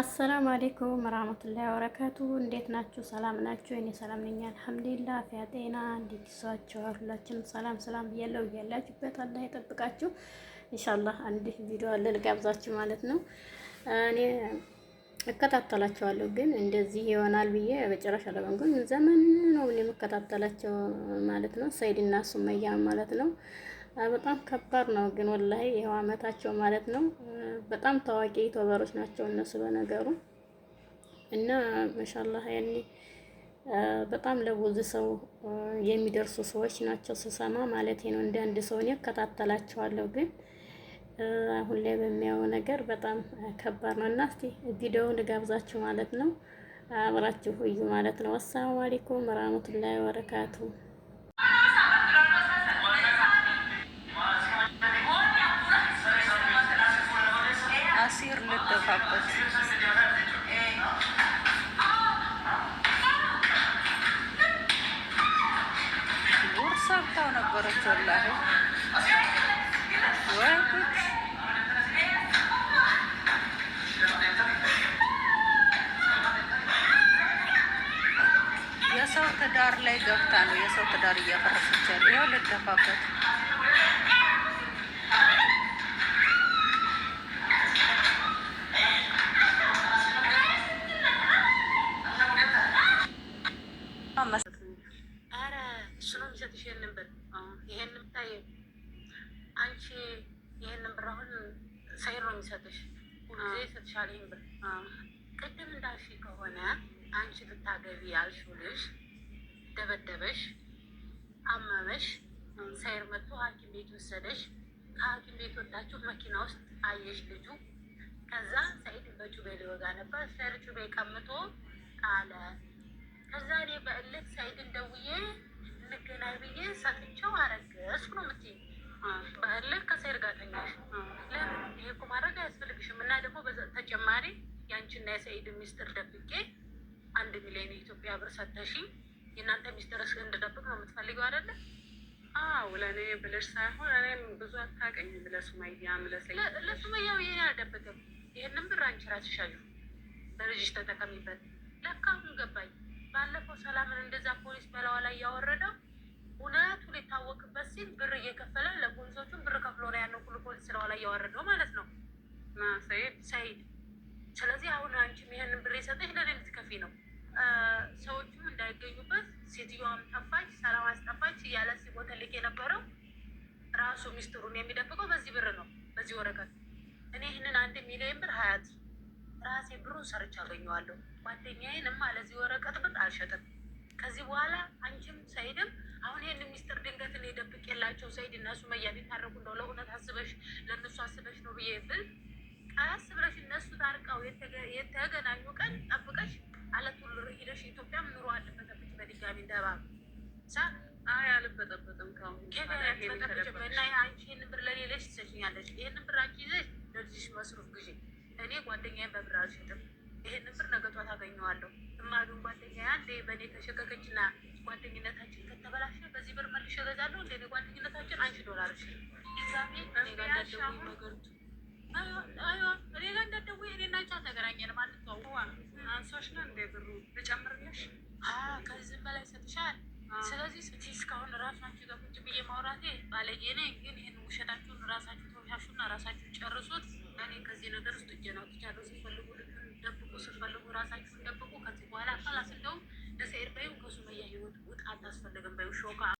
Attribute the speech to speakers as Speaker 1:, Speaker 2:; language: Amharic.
Speaker 1: አሰላም አሌይኩም ራህመቱላሂ ወበረካቱ። እንዴት ናችሁ? ሰላም ናችሁ? እኔ ሰላም ነኝ አልሐምዱሊላህ። አፍያ ጤና እንዴት ይዟችኋል? ሁላችንም ሰላም ሰላም ብያለሁ። እያላችሁበት አላህ ይጠብቃችሁ። ኢንሻአላህ አንድ ቪዲዮ አለ ልጋብዛችሁ ማለት ነው። እኔ እከታተላቸዋለሁ ግን እንደዚህ ይሆናል ብዬ በጭራሽ አላውቅም። ዘመን ነው እኔ የምከታተላቸው ማለት ነው። ሰይድና ሱመያ ማለት ነው። በጣም ከባድ ነው ግን ወላሂ ይኸው አመታቸው ማለት ነው በጣም ታዋቂ ዩቲዩበሮች ናቸው እነሱ በነገሩ እና ማሻአላህ ያኔ በጣም ለብዙ ሰው የሚደርሱ ሰዎች ናቸው ስሰማ ማለት ነው። እንደ አንድ ሰው እኔ እከታተላቸዋለሁ፣ ግን አሁን ላይ በሚያየው ነገር በጣም ከባድ ነው እና እስቲ ቪዲዮውን ልጋብዛችሁ ማለት ነው። አብራችሁ ሁዩ ማለት ነው። አሰላሙ አለይኩም ወራህመቱላሂ ወበረካቱ
Speaker 2: ነበረች። ወላ የሰው ትዳር ላይ ገብታ ነው የሰው ትዳር እያፈረሰች ያለ ይኸው ልደፋበት
Speaker 3: ይሄን ብታይ አንቺ ይሄንን ብር አሁን ሰይር የሚሰጥሽ፣ ሁልጊዜ ይሰጥሻል። ይሄን ብር ቅድም እንዳልሽ ከሆነ አንቺ ልታገቢ ያልሽው ልጅ ደበደበሽ፣ አመመሽ፣ ሰይር መጥቶ ሐኪም ቤት ወሰደሽ። ከሐኪም ቤት ወጣችሁ መኪና ውስጥ አየሽ ልጁ። ከዛ ሰይድ በጩቤ ሊወጋ ነበር፣ ሰይር ጩቤ ቀምቶ ጣለ። ከዛ እኔ በእልክ ሰይድን ደውዬ ልገናኝ ብዬ ሳትቸው አረገዝኩ ነው የምትይኝ። በህልህ ከሰይር ጋር ለምን ይሄ እኮ ማድረግ አያስፈልግሽም። እና ደግሞ ተጨማሪ የአንቺና የሰኢድ ሚስጥር ደብቄ አንድ ሚሊዮን የኢትዮጵያ ብር ሰተሽኝ የእናንተ ሚስጥር እንድደብቅ ነው የምትፈልገው አይደለ?
Speaker 4: አዎ ለእኔ ብለሽ ሳይሆን እኔም ብዙ አታውቅኝም። ለሱመያ ምለሰኝ
Speaker 3: ለሱመያ ይሄ አልደብቅም። ይህንም ብር አንቺ እራስሽ አየሁ በልጅሽ ተጠቀሚበት። ለካ አሁን ገባኝ። ባለፈው ሰላምን እንደዛ ፖሊስ በላዋ ላይ ያወ ሲል ብር እየከፈለ ለፖሊሶቹም ብር ከፍሎ ነው ያለው። ሁሉ ፖሊስ ስራዋ ላይ እያወረደው ማለት ነው ሰይድ ሰይድ። ስለዚህ አሁን አንቺም ይህንን ብር የሰጠች ለሌሊት ከፊ ነው። ሰዎቹም እንዳይገኙበት ሴትዮዋም ጠፋች፣ ሰላም አስጠፋች እያለ ሲቦተልቅ የነበረው ራሱ ሚስጥሩን የሚደብቀው በዚህ ብር ነው፣ በዚህ ወረቀት። እኔ ይህንን አንድ ሚሊዮን ብር ሀያት ራሴ ብሩን ሰርች አገኘዋለሁ። ጓደኛዬንማ ለዚህ ወረቀት ብር አልሸጥም። ከዚህ በኋላ አንቺም ሰይድም አሁን ይህን ሰኢድና ሱመያ ቢታረቁ እንደው ለእውነት አስበሽ ለእነሱ አስበሽ ነው ብዬ ብል ብለሽ እነሱ ታርቀው የተገናኙ ቀን ጠብቀሽ አለት ሁሉ ሂደሽ ኢትዮጵያም ኑሮ አልበጠብጭ በድጋሚ እንደባ ሳ
Speaker 4: አይ አልበጠበጥም
Speaker 3: ከሁንና አንቺ ይህንን ብር ለሌለሽ ትሰጭኛለሽ። ይህንን ብር አንቺ ይዘሽ ለልጅሽ መስሩፍ ጊዜ እኔ ጓደኛዬን በብር አልሸጥም። ይህንን ብር ነገቷ ታገኘዋለሁ። እማዱን ጓደኛዬ አንዴ በእኔ ተሸቀቀች ተሸከከችና ጓደኝነታችን ከተበላሸ በዚህ ብር መልሼ እገዛለሁ እንደ ጓደኛ አንድ ዶላር እሺ። ሌላ እንዳትደውይ እኔ እና አንቺ አልተገናኘንም። አንሶሽ ነው እንደ ብሩ ልጨምርልሽ፣ ከዚህም በላይ ሰጥሻል። ስለዚህ እስካሁን ራሳችሁ ጋር ቁጭ ብዬ ማውራቴ ባለጌ ነኝ፣ ግን ይህን ውሸታችሁን ራሳችሁ ተውሻሹና ራሳችሁ ጨርሱት። እኔ ከዚህ ነገር ውስጥ እጄን አውጥቻለሁ። ስትፈልጉ ደብቁ፣ ስትፈልጉ ራሳችሁን ደብቁ። ከዚህ በኋላ ቃላስ እንደውም ለሰኢድ በይው ከሱመያ ህይወት ውጥ አታስፈልግም በይው ሾካ